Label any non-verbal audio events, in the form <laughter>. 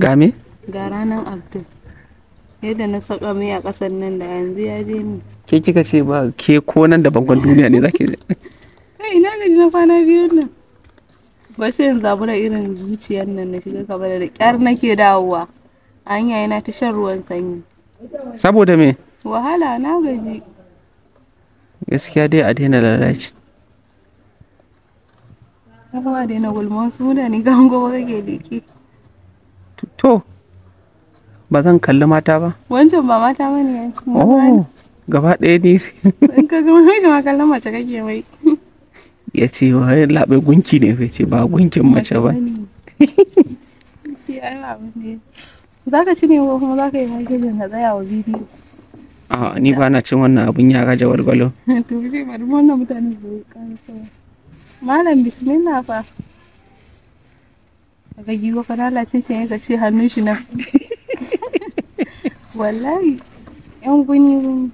ga me ga ranar abdul yadda na saka mai a ƙasar nan da yanzu ya je ni ke kika ce ba ke ko nan da bangon duniya ne zaki kai ina gaji na kwana biyu nan ba sai yanzu zabura irin zuciyar nan na shiga kaba da kyar nake dawowa hanya yana ta shan ruwan sanyi saboda me wahala na gaji gaskiya dai a daina lalaci kuma a daina gulman suna ne gango kake leke to ba zan kalli mata ba wancan ba mata ba ne oh gaba ɗaya ne <laughs> in ka gama shi ma kallon mace kake mai ya ce wa labe gunki ne bai ce ba gunkin mace ba za ka ci ne ko kuma za ka yi makejin ka tsaya wa bidiyo a ni ba na cin wannan abun ya gaja walwalo <laughs> to bari wannan mutane su malam bismillah fa kaga giwa fa lalace ce ya hannun shi na <laughs> wallahi yan guni guni